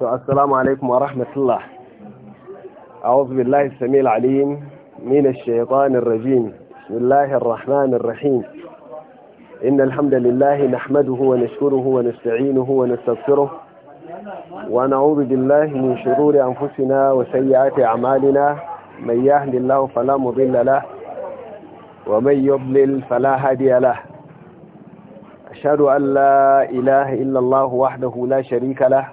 wato assalamu alaikum wa rahmatullah a'udhu billahi samil alim min ash-shaytanir rajim bismillahir rahmanir rahim innal hamdalillahi nahmaduhu wa nashkuruhu wa nasta'inuhu wa nastaghfiruh wa na'udhu billahi min shururi anfusina wa sayyiati a'malina may yahdihillahu fala mudilla lahu wa may yudlil fala hadiya lahu ashhadu illa allah wahdahu la sharika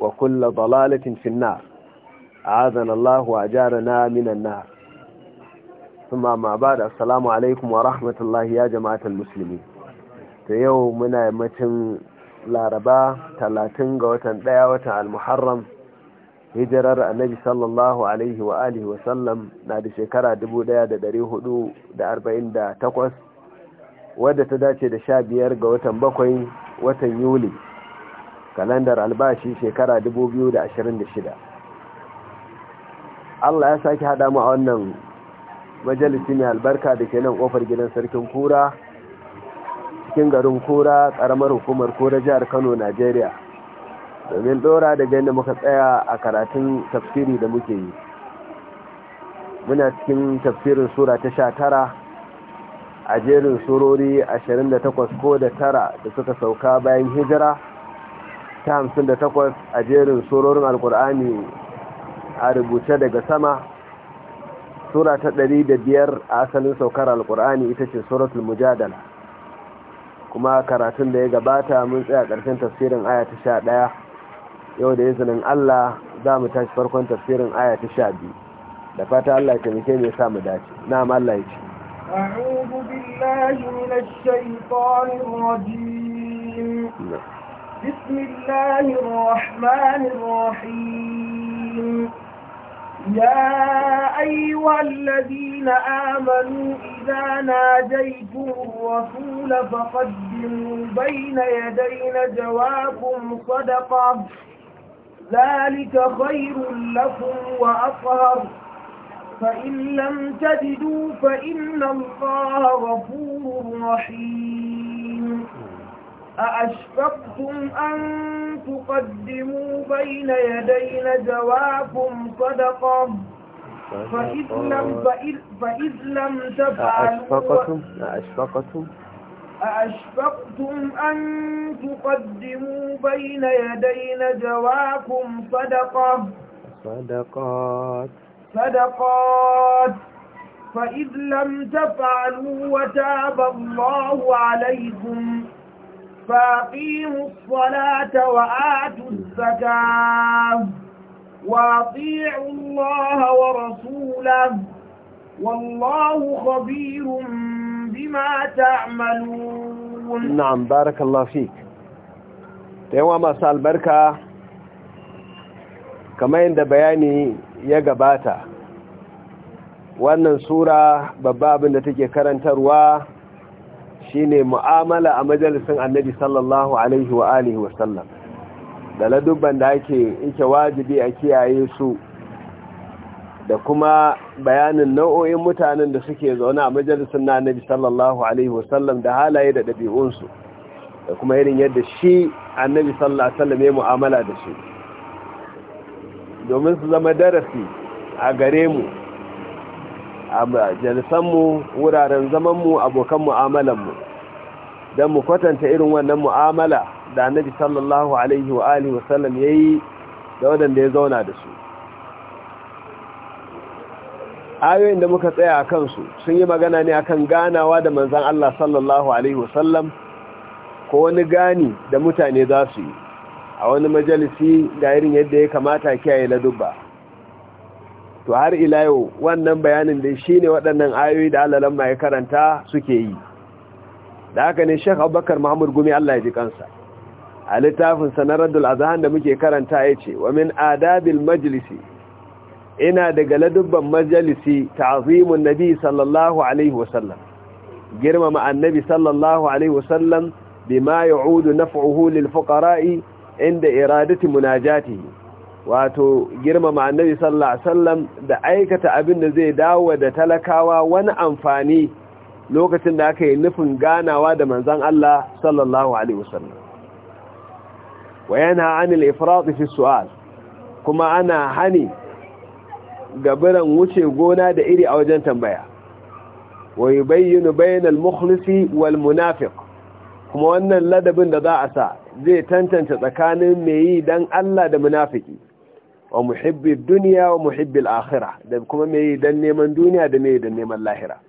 wa kulla dalalatin finna a azanallahu a jihar minan na su ma ba da asalamu alaikum wa rahmatullahi ya jama'atan musulmi ta yau muna yammacin laraba talatin ga watan daya watan almuharram hijirar annabi sallallahu alaihi wa alihi wa sallam na da shekara takwas wadda ta dace da sha biyar ga watan bakwai watan yuli kalandar albashi shekara 2026 Allah ya sake hada mu a wannan majalisi mai albarka da ke nan kofar gidan sarkin kura cikin garin kura karamar hukumar kura jihar kano najeriya domin dora da yadda muka tsaya a karatun tafsiri da muke yi muna cikin tafsirin sura ta sha tara a jerin surori 28 ko da tara da suka sauka bayan hijira ta hamsin da takwas a jerin surorin alkur'ani a rubuce daga sama sura ta ɗari da biyar a asalin saukar alkur'ani ita ce suratul mujadala kuma karatun da ya gabata mun tsaya ƙarshen tafsirin aya ta sha ɗaya yau da izinin allah za mu tashi farkon tafsirin aya ta sha biyu da fata allah ya taimake mai sa mu dace na allah ya ce أعوذ بالله من الشيطان بسم الله الرحمن الرحيم يا أيها الذين آمنوا إذا ناجيتم الرسول فقدموا بين يدينا جواكم صدقة ذلك خير لكم وأطهر فإن لم تجدوا فإن الله غفور رحيم أأشفقتم أن تقدموا بين يدي نجواكم صدقة فإذ لم, فإذ, لم تفعلوا أأشفقتم أأشفقتم أن تقدموا بين يدي نجواكم صدقة صدقات صدقات فإذ لم تفعلوا وتاب الله عليكم فاقيموا الصلاة وآتوا الزكاة وأطيعوا الله ورسوله والله خبير بما تعملون نعم بارك الله فيك yawan masu albarka kamar yadda bayani ya gabata wannan sura babba abin da take karantarwa shine mu'amala a majalisun annabi sallallahu alaihi wa alihi wasallam da ladubban da ake yake wajibi a kiyaye su da kuma bayanin nau'o'in mutanen da suke zaune a majalisun na annabi sallallahu alaihi wasallam da halaye da ɗabi'unsu da kuma irin yadda shi annabi sallallahu alaihi wasallam ya mu'amala da shi domin su zama darasi a gare mu mu wuraren zamanmu abokan mu'amalanmu don mu kwatanta irin wannan mu'amala da anabi, sallallahu alaihi wa alihi wasallam ya yi da waɗanda ya zauna da su ayoyin da muka tsaya a kansu sun yi magana ne akan ganawa da manzan Allah sallallahu alaihi wasallam ko wani gani da mutane za su yi a wani majalisi da irin yadda ya kamata kiyaye ladubba to har ila yau wannan bayanin da shine waɗannan ayoyi da Allah lamma ya karanta suke yi da haka ne Sheikh Abubakar Muhammad Gumi Allah ya ji kansa a littafin sanaraddul azhan da muke karanta yace wa min adabil majlisi ina daga ladubban majalisi ta'zimun nabi sallallahu alaihi wasallam girmama annabi sallallahu alaihi wasallam bima na naf'uhu lil fuqara'i inda iradati munajatihi wato girmama annabi sallallahu alaihi wasallam da aikata abin da zai dawo da talakawa wani amfani lokacin da aka yi nufin ganawa da manzon Allah sallallahu alaihi wasallam wa yana anil ifrat fi su'al kuma ana hani gabaran wuce gona da iri a wajen tambaya wa yubayyinu bainal mukhlisi wal munafiq kuma wannan ladabin da za a sa zai tantance tsakanin mai yi dan Allah da munafiki wa muhibbi duniya wa muhibbi akhirah da kuma mai dan neman duniya da mai dan neman lahira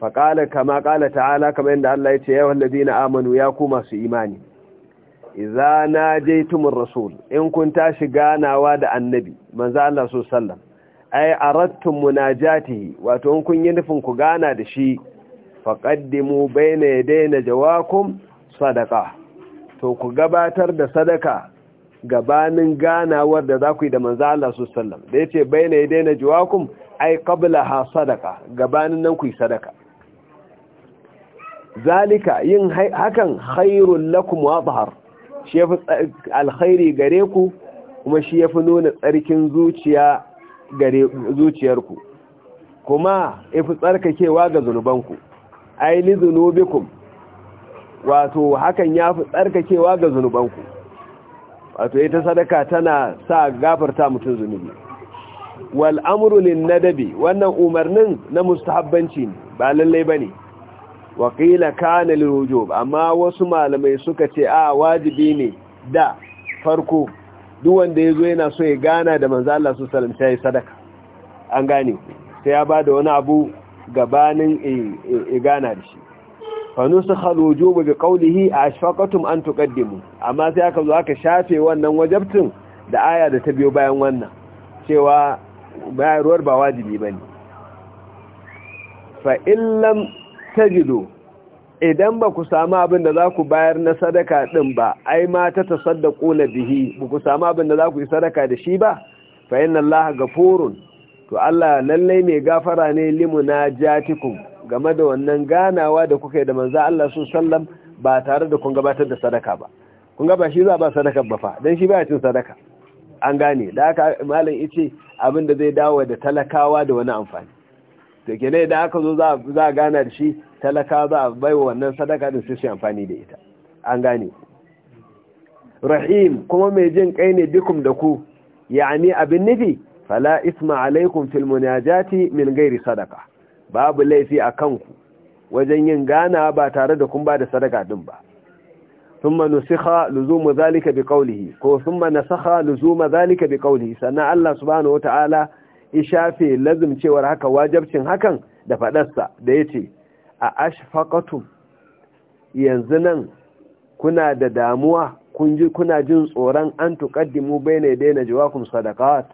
fa qala kama qala ta'ala kamar inda Allah ya ce ya walladina amanu ya ku masu imani idza najaytumur rasul in kun tashi ganawa da annabi manzo Allah sallallahu alaihi ai aradtum munajatihi wato in kun yi nufin ku gana da shi faqaddimu bayna yadayna jawakum sadaqa to ku gabatar da sadaka gabanin ganawar da za ku yi da manzo Allah su sallam da yace bayna yadayna juwakum ay qablaha sadaqa gabanin nan ku yi sadaka zalika yin hakan khairul lakum wa tahar shefu alkhairi gare ku kuma shi yafi nuna tsarkin zuciya gare zuciyarku kuma ifu tsarkakewa ga zunubanku ay li zunubikum wato hakan yafi tsarkakewa ga ku. wato ita sadaka tana sa gafarta mutum zunubi wal amru lin nadabi wannan umarnin na mustahabbanci ne ba lalle bane wa qila kana lil wujub amma wasu malamai suka ce a wajibi ne da farko duk wanda yazo yana so ya gana da manzo Allah sallallahu alaihi wasallam sai sadaka an gane sai ya bada wani abu gabanin e gana da shi fa nusakha al-wujubu bi qawlihi ashfaqatum an tuqaddimu amma sai aka zo aka shafe wannan wajabtin da aya da ta biyo bayan wannan cewa bayarwar ba wajibi bane fa illam tajidu idan ba ku samu abin da za ku bayar na sadaka din ba ai ma ta tasaddaqu na bihi ba ku samu abin da za ku yi sadaka da shi ba fa inna allaha ghafurun to Allah lallai mai gafara ne limuna jatikum game da wannan ganawa da kuka yi da manzo Allah sun sallam ba tare da kun gabatar da sadaka ba kun ga ba shi za ba sadaka ba fa dan shi ba cin sadaka an gane da aka malam yace abin da zai dawo da talakawa da wani amfani to kene da aka zo za za gana da shi talakawa za a wa wannan sadaka din sai shi amfani da ita an gane rahim kuma mai jin kai ne dukum da ku ya'ani abin nufi fala isma alaikum fil munajati min ghairi sadaka babu laifi a kanku wajen yin gana ba tare da kun ba da sadaka din ba sun thumma nusikha luzumu zalika kaulihi ko sun thumma nasakha luzuma zalika kaulihi sannan Allah subhanahu wataala ishafe lazimcewar haka wajabcin hakan da fadarsa da ya ce a ashfaqatum yanzu nan kuna da damuwa kuna jin tsoron an tuqaddimu daina yadayna jawakum sadaqat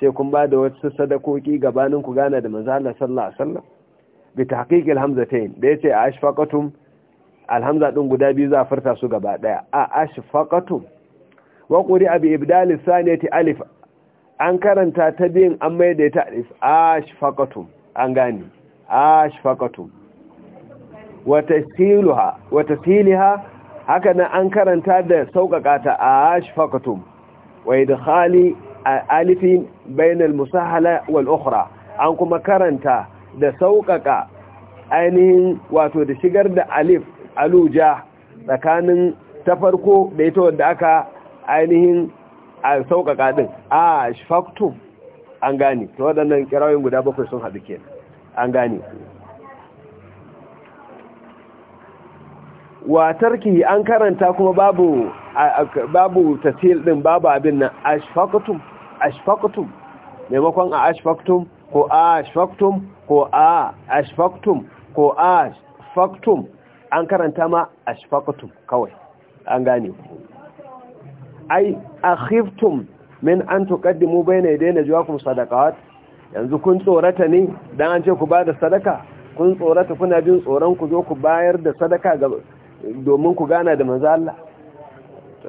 sai kun ba da wasu sadakoki gabanin ku gane da manzo Allah sallallahu alaihi wasallam bi tahqiq alhamzatain da yace ashfaqatum alhamza din guda biyu za farta su gaba daya a ashfaqatum wa quri'a bi ibdal saniyati alif an karanta ta biyin an mai da ta alif ashfaqatum an gani ashfaqatum wa tashiluha wa tashilaha haka nan an karanta da sauƙaƙa ta ashfaqatum wa idkhali alifin bainal musahala wal ukhra an kuma karanta da sauƙaƙa ainihin wato da shigar da alif aluja tsakanin ta farko da ita wadda aka ainihin a sauƙaƙa din. a shfaktum an gani. ta waɗannan kirayoyin guda bakwai sun haɗu ke an wa watarki an karanta kuma babu babu tasil din babu abin nan a ashfaqtum maimakon a ashfaqtum ko a ashfaqtum ko a ashfaqtum ko a ashfaqtum an karanta ma ashfaqtum kawai an gane ai akhiftum min an tuqaddimu bayna yadayna jawakum sadaqat yanzu kun tsorata ne dan an ce ku bada sadaka kun tsorata kuna jin tsoron ku zo ku bayar da sadaka ga domin ku gana da manzo Allah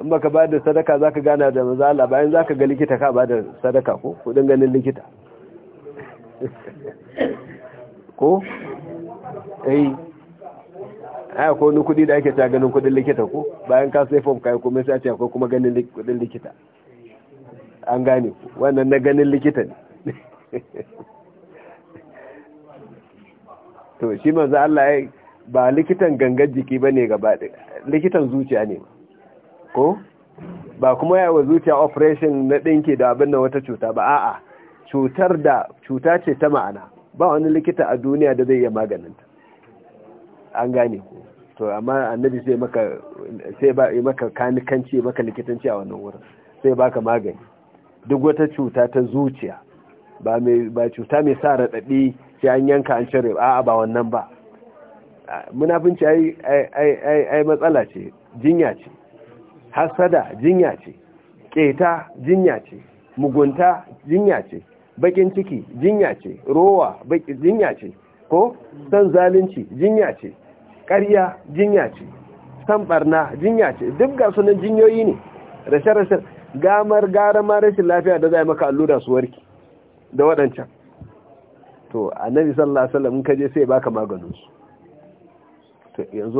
in baka ba da sadaka zaka gana da mazala Allah bayan zaka ga likita ka ba da sadaka ko kudin ganin likita ko eh ai ko ni kudi da ake ta ganin kudin likita ko bayan ka sai form kai kuma sai a ce akwai kuma ganin kudin likita an gane wannan na ganin likita ne to shi manzo Allah ba likitan gangar jiki bane gaba likitan zuciya ne ba ko ba kuma wa zuciya operation na ɗinke da abin da wata cuta ba a'a cutar da cuta ce ta ma'ana ba wani likita a duniya da zai iya maganinta an gane ku to amma annabi sai maka sai ba yi maka kanikanci maka likitanci a wannan wurin sai baka magani duk wata cuta ta zuciya ba mai ba cuta mai sa radadi sai an yanka an cire a'a ba wannan ba munafinci ai ai ai matsala ce jinya ce hasada jinya ce keta jinya ce mugunta jinya ce bakin ciki jinya ce rowa jinya ce ko san zalunci jinya ce ƙarya jinya ce san barna jinya ce duk ga sunan jinyoyi ne rashe-rashe gamar gara ma rashin lafiya da za maka allura su warki da waɗancan to annabi sallallahu alaihi wasallam in kaje sai baka maganin su yanzu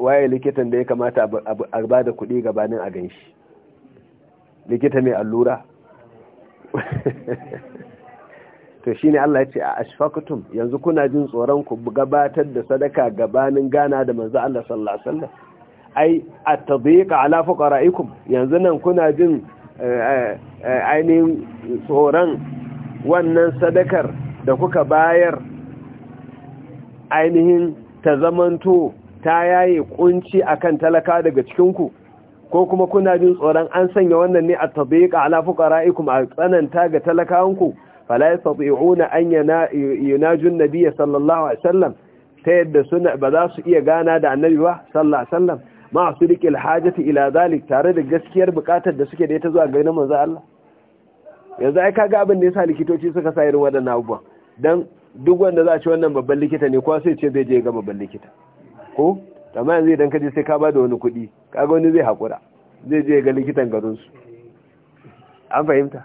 waye likitan da ya kamata a ba da kuɗi gabanin a gan shi likita mai allura to shine Allah ya ce a ashfakutum yanzu kuna jin tsoron ku gabatar da sadaka gabanin gana da manzo Allah sallallahu alaihi wasallam ai at-tadhiq ala fuqara'ikum yanzu nan kuna jin eh, eh, eh, ainihin tsoron wannan sadakar da kuka bayar ainihin ta zamanto ta yaye kunci akan talaka daga cikinku ko kuma kuna jin tsoron an sanya wannan ne a tabiqa ala fuqara'ikum a tsananta ga talakawanku fala yastati'una an yunaju an sallallahu alaihi wasallam ta yadda suna ba za su iya gana da annabi ba sallallahu alaihi wasallam ma su alhajati ila zalik tare da gaskiyar bukatar da suke da ita zuwa ga manzo Allah yanzu ai kaga abin da yasa likitoci suka sa irin wadannan abubuwa dan duk wanda za a ci wannan babban likita ne kwa sai ce zai je ga babban likita ko amma yanzu idan ka sai ka ba da wani kuɗi kaga wani zai haƙura zai je ga likitan garinsu an fahimta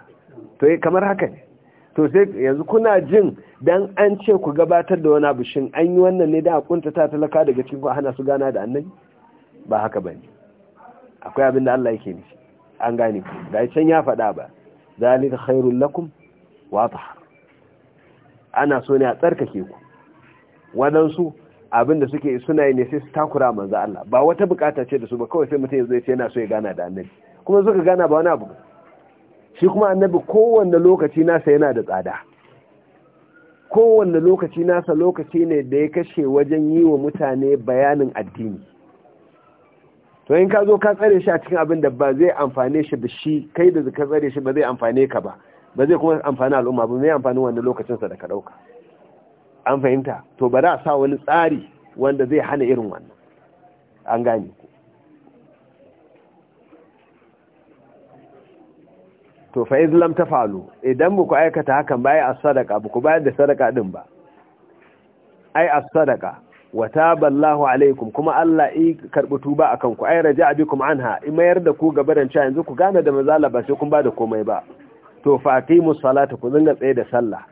to eh, kamar haka ne to sai yanzu kuna jin dan an ce ku gabatar da wani abu shin an yi wannan ne da a kunta ta talaka daga cikin ku hana su gana da annabi ba haka bane akwai abin da Allah yake nishi an gane ku ga can ya faɗa ba zalika khairul lakum wa ana so ne a tsarkake ku waɗansu abinda suke suna yi ne sai su takura manzo Allah ba wata bukata ce da su ba kawai sai mutum ya zai ce yana so ya gana da annabi kuma suka gana ba wani abu shi kuma annabi kowanne lokaci nasa yana da tsada kowanne lokaci nasa lokaci ne da ya kashe wajen yi wa mutane bayanin addini to in ka zo ka tsare shi a cikin abin da ba zai amfane shi da shi kai da ka tsare shi ba zai amfane ka ba ba zai kuma amfani al'umma ba mai amfani wanda lokacinsa da ka ɗauka an fahimta to ba za a sa wani tsari wanda zai hana irin wannan an gane ku to fa islam ta falu idan ba ku aikata hakan ba ya sadaka ba ku bayar da sadaka din ba ai as sadaka wa taballahu alaikum kuma Allah i karbi tuba akan ku ai raja'a bikum anha in mayar da ku da cewa yanzu ku gane da mazala ba sai kun ba da komai ba to Fatimu salata ku dinga tsaye da sallah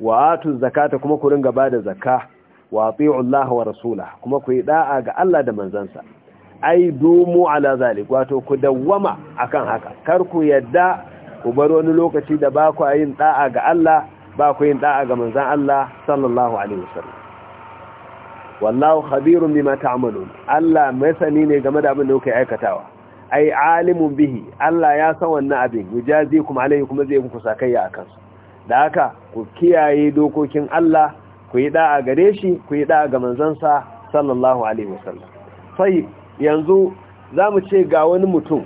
wa atu zakata kuma ku dinga bada zakka wa ati'u Allah wa rasulahu kuma ku yi da'a ga Allah da manzansa ai dumu ala zalik wato ku dawwama akan haka kar ku yadda ku bar wani lokaci da ba ku yin da'a ga Allah ba ku yin da'a ga manzan Allah sallallahu alaihi wasallam wallahu khabirun bima ta'malun Allah masani ne game da abin da kuke aikatawa ai alimun bihi Allah ya san wannan abin yujazi alayhi kuma zai muku sakayya akan su da haka ku kiyaye dokokin Allah ku yi da'a gare shi ku yi da'a ga manzansa sallallahu alaihi wasallam sai yanzu zamu ce ga wani mutum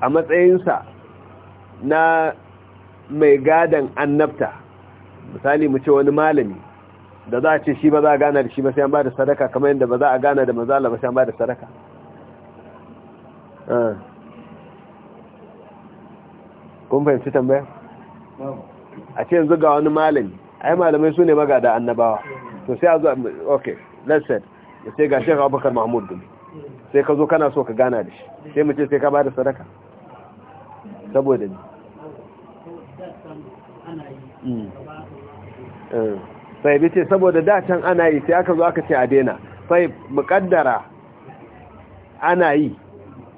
a matsayin sa na mai gadan annabta misali mu ce wani malami da za a ce shi ba za a gana da shi ba sai an ba da sadaka kamar yadda ba za a gana da manzala ba sai an ba da sadaka Ah. kun fahimci tambaya a ce yanzu ga wani malami ai malamai su ne magada annabawa to sai a zo ok let's say da sai ga shekaru abubakar mahmud gumi sai ka zo kana so ka gana da shi sai mace sai ka ba da sadaka saboda ne sai bice saboda datan ana yi sai aka zo aka ce a daina sai mukaddara ana yi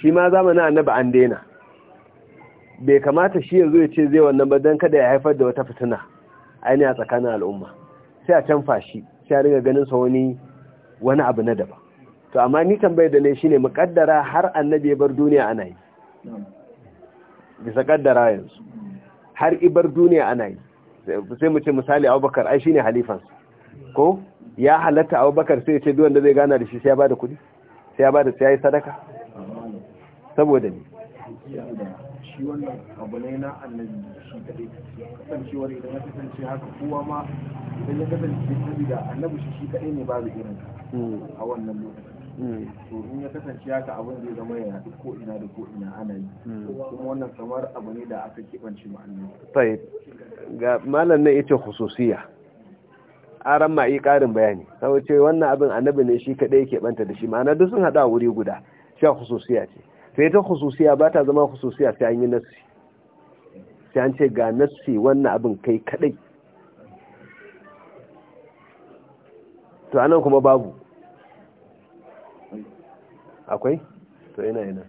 shi ma zamanin annabi an daina bai kamata shi yanzu ya ce zai wannan ba don kada ya haifar da wata fitina aini a tsakanin al'umma sai a canfa shi sai a ringa ganin sa wani wani abu na daba. to amma ni tambayar da ne ne muƙaddara har annabi ya bar duniya ana yi bisa ƙaddara yanzu har ibar duniya ana yi sai mu ce misali abubakar ai shine halifan ko ya halatta abubakar sai ya ce duwanda zai gana da shi sai ya ba da kuɗi sai ya da sai ya yi sadaka saboda ne shi wannan abu ne na annabi shi kadai kasancewar idan ya kasance haka kowa ma idan ya kasance da annabi shi shi kadai ne babu irin a wannan lokacin to in ya kasance haka abin zai zama yana duk ko ina da ko ina ana yi kuma wannan kamar abu ne da aka kebance ma annabi sai ga malam na yace khususiya aran ma yi karin bayani sai ce wannan abin annabi ne shi kadai yake banta da shi ma'ana duk sun hada wuri guda sha khususiya ce sai ta khususiya ba ta zama khususiya sai an yi nassi sai an ce ga nassi wannan abin kai kadai to anan kuma babu akwai to ina ina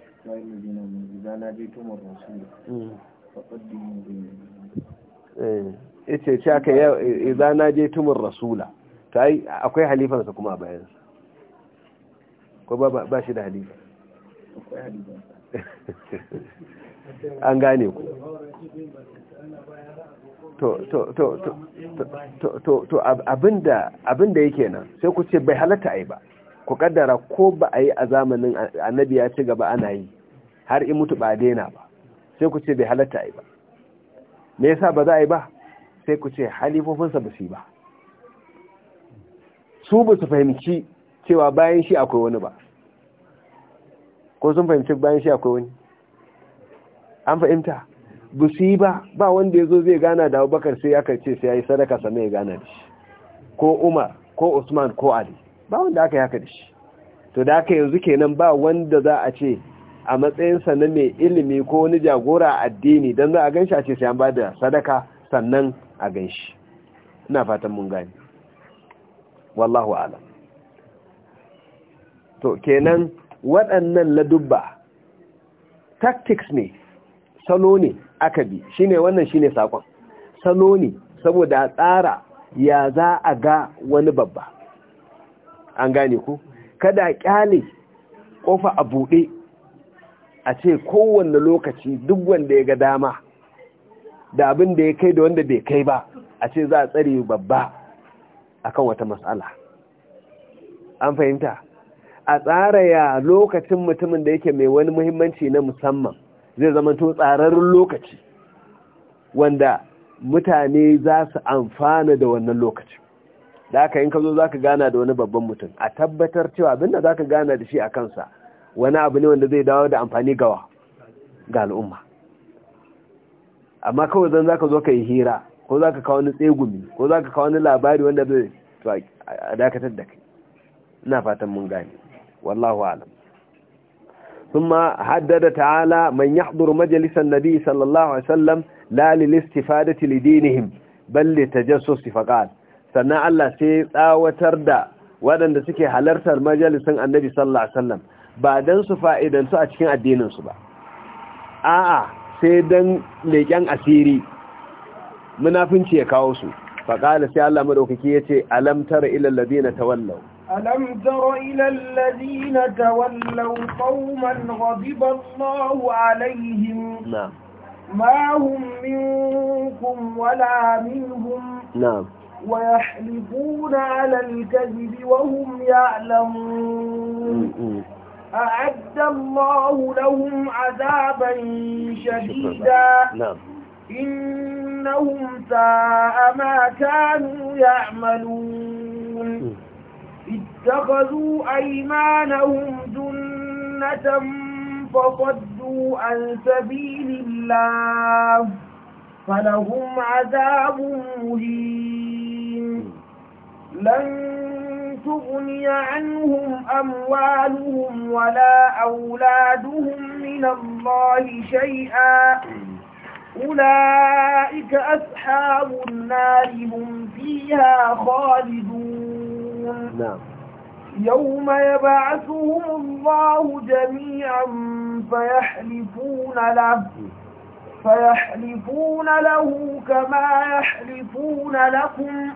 eh, ita ce aka yi na je tumur rasula ta akwai halifansa kuma a bayansa ko ba shi da halifa an gane ku to abinda yake nan sai ku ce bai halatta ai ba ku kaddara ko ba a yi a zamanin annabi ya ci gaba ana yi har in mutu ba daina ba sai ku ce bai halatta ai ba me yasa ba za a yi ba sai ku ce halifofinsa ba su yi ba su ba su fahimci cewa bayan shi akwai wani ba ko sun fahimci bayan shi akwai wani an fahimta bu su yi ba ba wanda ya zo zai gana da abubakar sai ya karce sai ya yi sadaka sannan ya gana da shi ko umar ko usman ko ali ba wanda aka yi haka da shi to da aka yanzu kenan ba wanda za a ce a matsayinsa na mai ilimi ko wani jagora addini don za a ganshi a ce sai an ba da sadaka sannan a ganshi ina fatan mun gani wallahu alam to kenan waɗannan ladubba tactics ne salo ne aka bi shine wannan ne sakon salo ne saboda a tsara ya za a ga wani babba an gane ku kada a kyale kofa a buɗe a ce kowanne lokaci duk wanda ya ga dama da abin da ya kai da wanda bai kai ba a ce za a tsare babba akan wata matsala an fahimta a tsara ya lokacin mutumin da yake mai wani muhimmanci na musamman zai zama to tsararrun lokaci wanda mutane za su amfana da wannan lokacin da aka yin ka zo za ka gana da wani babban mutum a tabbatar cewa da za ka gana da shi a kansa wani abu ne wanda zai dawo da amfani gawa ga al'umma amma kawai zan za ka zo ka yi hira ko za ka kawo wani tsegumi ko za ka kawo wani labari wanda zai dakatar da kai ina fatan mun gane wallahu alam ثم حدد تعالى من يحضر مجلس النبي صلى الله عليه وسلم لا للاستفادة لدينهم بل لتجسس فقال سنة الله سيطا وتردى waɗanda suke halartar majalisun annabi sallallahu alaihi wasallam ba don su fa'idansu a cikin addininsu ba a'a sai don leƙen asiri munafinci ya kawo su faƙali sai Allah madaukaki ya ce alamtar ilal ta tawallau ألم تر إلى الذين تولوا قوما غضب الله عليهم نعم ما هم منكم ولا منهم نعم ويحلفون على الكذب وهم يعلمون أعد الله لهم عذابا شديدا نعم إنهم ساء ما كانوا يعملون اتخذوا أيمانهم جنة فصدوا عن سبيل الله فلهم عذاب مهين لن تغني عنهم أموالهم ولا أولادهم من الله شيئا أولئك أصحاب النار هم فيها خالدون نعم يوم يبعثهم الله جميعا فيحلفون له فيحلفون له كما يحلفون لكم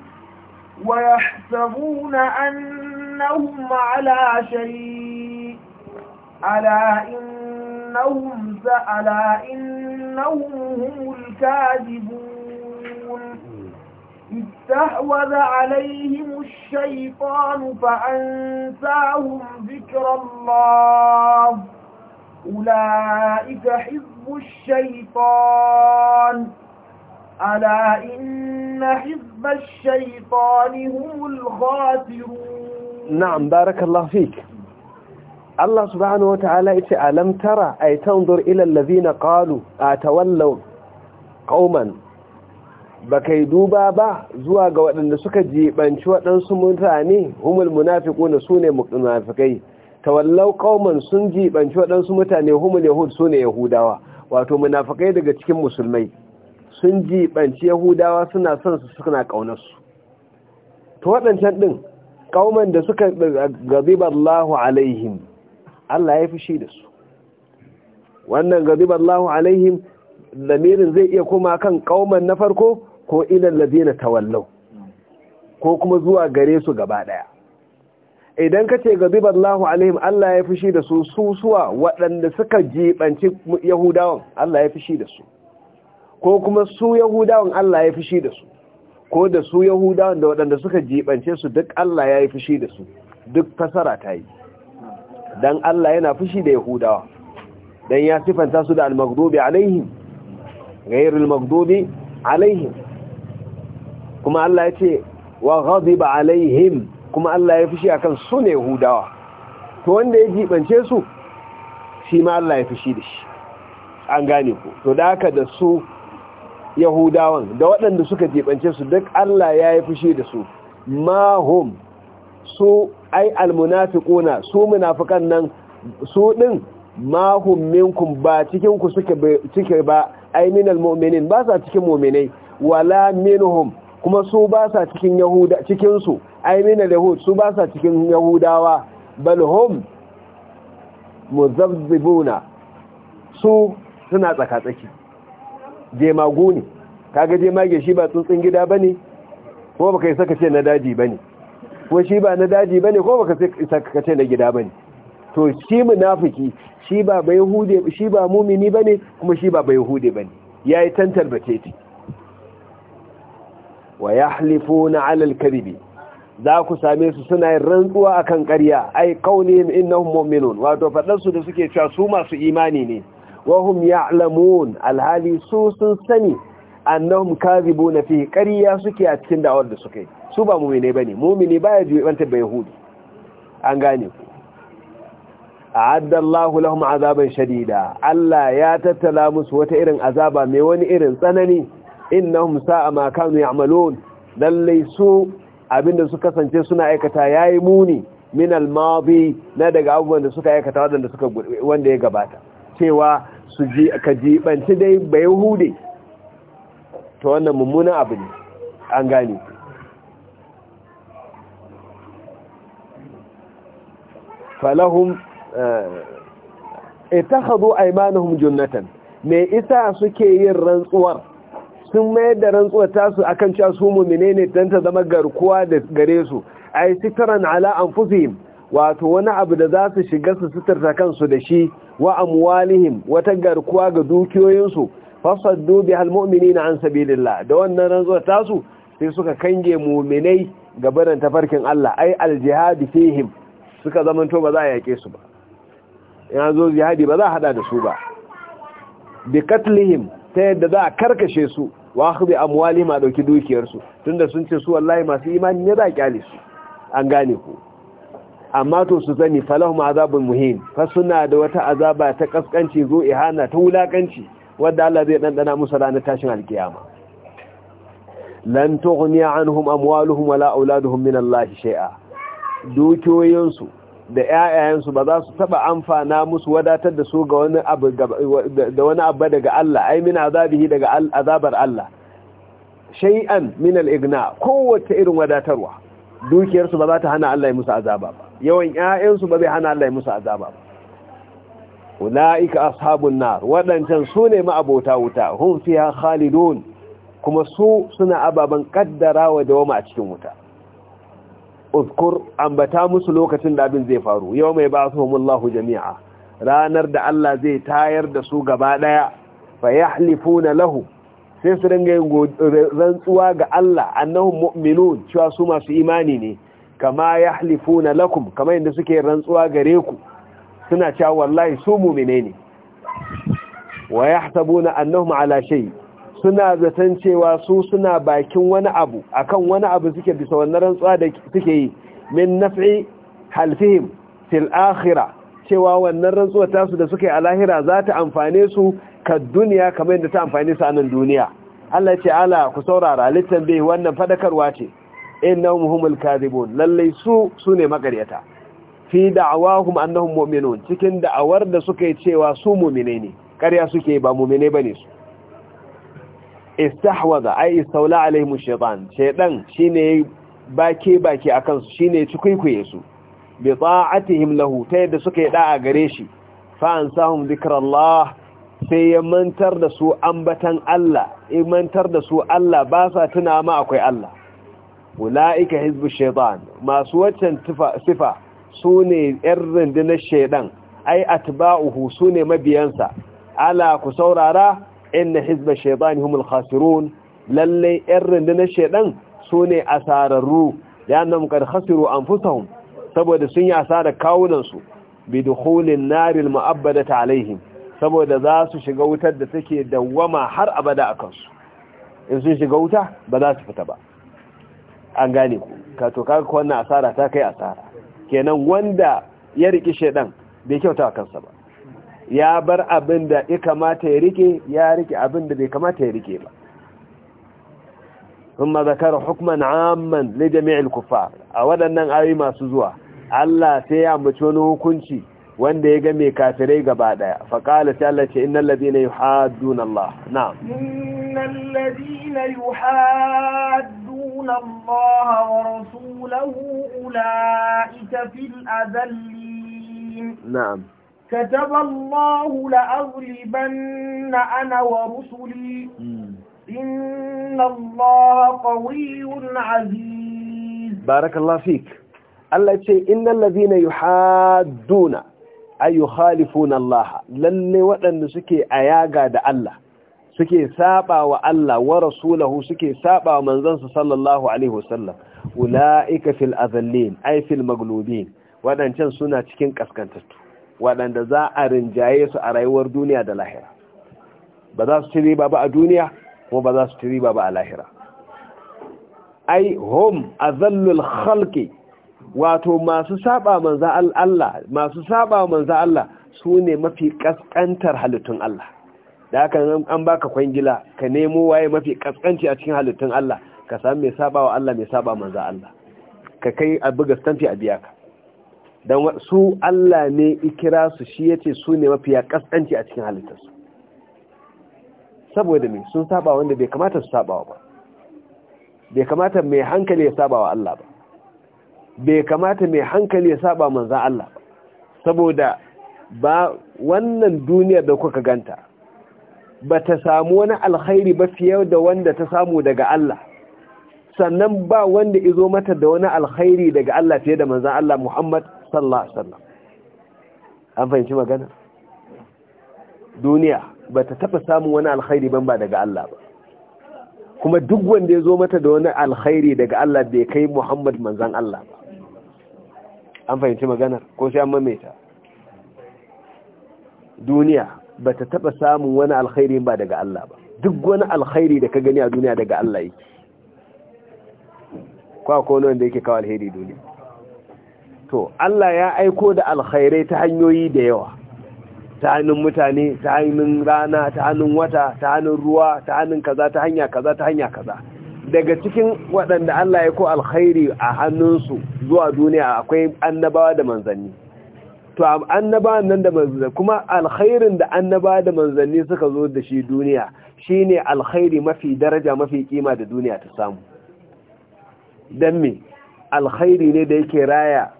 ويحسبون أنهم على شيء ألا إنهم سألا إنهم هم الكاذبون استحوذ عليهم الشيطان فأنساهم ذكر الله أولئك حزب الشيطان ألا إن حزب الشيطان هم الخاسرون نعم بارك الله فيك الله سبحانه وتعالى ألم ترى أي تنظر إلى الذين قالوا أتولوا قوما ba kai duba ba zuwa ga waɗanda suka jibanci waɗansu mutane humul munafiku na su ne munafikai tawallau ƙauman sun jibanci waɗansu mutane humul yahud su ne yahudawa wato munafikai daga cikin musulmai sun jibanci yahudawa suna son su suna ƙaunarsu ta waɗancan ɗin ƙauman da suka Allahu alaihim Allah ya fushi da su wannan Allahu alaihim lamirin zai iya kuma kan ƙauman na farko ko ilan ladina tawallau ko kuma zuwa gare su gaba daya idan kace gaziballahu alaihim Allah ya fushi da su su suwa waɗanda suka jibanci yahudawan Allah ya fushi da su ko kuma su yahudawan Allah ya fushi da su ko da su yahudawan da waɗanda suka jibance su duk Allah ya yi fushi da su duk fasara ta yi dan Allah yana fushi da yahudawa dan ya sifanta su da al-maghdubi alaihim ghayrul maghdubi alaihim kuma Allah ya ce wa ghadib alaihim kuma Allah ya fushi akan su ne Yahudawa to wanda ya jibance su shi ma Allah ya fushi da shi an gane ku to da haka da su Yahudawan da waɗanda suka jibance su duk Allah ya yi fushi da su ma hum su ai almunafiquna su munafikan nan su din ma hum minkum ba cikin ku suke ba ai minal mu'minin ba sa cikin mu'minai wala minhum kuma su ba sa cikin yahuda cikin su aimina yahud su ba sa cikin yahudawa balhum muzabbibuna su suna tsakatsaki jemagu ne kaga jemage shi ba tsuntsun gida bane ko baka yi saka ce na daji bane ko shi ba na daji bane ko baka saka ce na gida bane to shi munafiki shi ba bai hude shi ba mumini bane kuma shi ba bai hude bane yayi tantar baketi wa ya halifu na alal karibi za ku same su suna yin rantsuwa kan karya? ai in na mu'minun wato faɗansu da suke cewa su masu imani ne wa ya alamun alhali su sun sani annahum na fi karya suke a cikin da'awar da suke su ba mu'mine bane mu'mini baya juwantar bai yahudi an gane ku A a'adda lahu lahum azaban shadida Allah ya tattala musu wata irin azaba mai wani irin tsanani innahum sa'a ma kanu ya'malun lalle su abinda suka kasance suna aikata yayi muni min al-madi na daga abubuwan da suka aikata wanda suka wanda ya gabata cewa su ji ka jibanci dai bai hude to wannan mummunan abu ne an gane falahum eh, ittakhadhu aymanuhum junnatan me isa suke yin rantsuwar sun mayar da rantsuwar tasu akan cewa su mu'mine ne dan ta zama garkuwa da gare su yi sitaran ala anfusihim wato wani abu da za su shiga su suturta kansu da shi wa amwalihim wata garkuwa ga dukiyoyinsu fasaddu bihal na an sabilillah da wannan rantsuwar tasu sai suka kange mu'minai ga barin tafarkin Allah ai aljihadi fihim suka zamanto ba za a yake su ba in zo jihadi ba za a hada da su ba bi katlihim ta yadda za a karkashe su wa akhbi amwali ma dauki dukiyarsu su tunda sun ce su wallahi masu imani ne za kyale su an gane ku amma to su zani, falahum azabun muhin fa suna da wata azaba ta kaskanci zo ihana ta wulakanci wanda Allah zai dandana musu ranar tashin alkiyama lan tughni anhum amwaluhum wala auladuhum min Allah shay'a dukiyoyinsu da ‘ya'yayensu ba za su taɓa amfana musu wadatar da su ga wani abu daga Allah, ai min azabihi daga azabar Allah, shay'an min al'igna kowace irin wadatarwa, dukiyarsu ba za ta hana Allah ya musu azaba ba, yawan ‘ya'yansu ba zai hana Allah ya musu azaba ba. Ula'ika ashabun nar, waɗancan su ne ma'abota wuta, hun fiya khalidun, kuma su suna ababen ƙaddarawa da wama a cikin wuta. uskur ambata musu lokacin da abin zai faru yau mai ba su lahu jami'a ranar da Allah zai tayar da su gaba daya fa ya na lahu sai su dinga rantsuwa ga Allah annahun mu'minu cewa su masu imani ne kama ya na lakum kama inda suke rantsuwa gare ku suna cewa wallahi su mu'mine ne wa ya annahum ala shay' suna zaton cewa su suna bakin wani abu akan wani abu suke bisa wannan rantsuwa da suke yi min naf'i halfihim fil akhirah cewa wannan rantsuwa tasu da suke a lahira za ta amfane su ka duniya kamar yadda ta amfane su a duniya Allah ce ala ku saurara littan bai wannan fadakarwa ce innahum humul kadhibun lalle su sune makaryata fi da'awahum annahum mu'minun cikin da'awar da suke cewa su mu'mine ne ƙarya suke ba mu'mine bane su istahwaza ai istaula alaihim shaytan shaytan shine baki-baki akan su shine ya cikuikuye su bi ta'atihim lahu ta yadda suka yada a gare shi fa ansahum dhikrallah sai ya mantar da su ambatan Allah ya mantar da su Allah ba sa tuna ma akwai Allah ulaika hizbu shaytan masu waccan sifa sune yan rundunar shaytan ai atba'uhu sune mabiyansa ala ku saurara inna hizba shaytani humul khasirun lalle yan rundunar shaydan sune asararru li'annahum qad khasiru anfusahum saboda sun yi asarar kawunan su bi dukhulin naril ta alaihim saboda za su shiga wutar da take dawwama har abada a kansu in sun shiga wuta ba za su fita ba an gane ku ka to kaga wannan asara ta kai asara kenan wanda ya riki shaiɗan, bai kyauta kansa ba ya bar abin da ya kamata ya rike ya rike abin da bai kamata ya rike ba zakar hukman amman na لجميع kufa a waɗannan ayi masu zuwa Allah sai ya ambaci wani hukunci wanda ya ga mai kafirai gaba daya faqala sai Allah ce innal ladina Allah na'am innal ladina Allah wa rasulahu ulaika fil adallin na'am كتب الله لأغلبن أنا ورسلي إن الله قوي عزيز بارك الله فيك Allah ce innal ladhina yuhadduna ay yukhalifuna Allah lalle waɗanda suke ayaga da Allah suke saba Allah wa rasulahu suke saba wa manzansa sallallahu alaihi wasallam ulaika fil azallin ay fil maglubin waɗancan suna cikin kaskantattu waɗanda za a rinjaye su a rayuwar duniya da lahira ba za su ci riba ba a duniya kuma ba za su ci riba ba a lahira ai hum azallul khalqi wato masu saba manza Allah masu saba manza Allah sune mafi kaskantar halittun Allah da haka an baka kwangila ka nemo waye mafi kaskanci a cikin halittun Allah ka sami mai saba wa Allah mai saba manza Allah ka kai a buga stamfi a biya ka don su Allah ne ikira su shi ya ce su ne mafiya kasanci a cikin halittarsu saboda mai sun saba wanda bai kamata su saba ba bai kamata mai hankali ya saba wa Allah ba bai kamata mai hankali ya saba manzan Allah ba saboda ba wannan duniyar da kuka ganta ba ta samu wani alkhairi ba fiye da wanda ta samu daga Allah sannan ba wanda izo mata da wani alkhairi daga Allah fiye da manzan Allah Muhammad sallallahu alaihi wasallam an fahimci magana duniya ba ta taba samun wani alkhairi ban ba daga Allah ba kuma duk wanda ya zo mata da wani alkhairi daga Allah bai kai Muhammad manzan Allah ba an fahimci magana, ko sai an mamaita duniya ba ta taba samun wani alkhairi ba daga Allah ba duk wani alkhairi da ka gani a duniya daga Allah yake kwa ko wanda yake kawo alheri duniya to Allah ya aiko da alkhairai ta hanyoyi da yawa ta hannun mutane ta hannun rana ta hannun wata ta hannun ruwa ta hannun kaza ta hanya kaza ta hanya kaza daga cikin waɗanda Allah ya ko alkhairi a hannunsu zuwa duniya akwai annabawa da manzanni to annabawan nan da manzanni kuma alkhairin da annabawa da manzanni suka zo da shi duniya shine alkhairi mafi daraja mafi kima da duniya ta samu dan me alkhairi ne da yake raya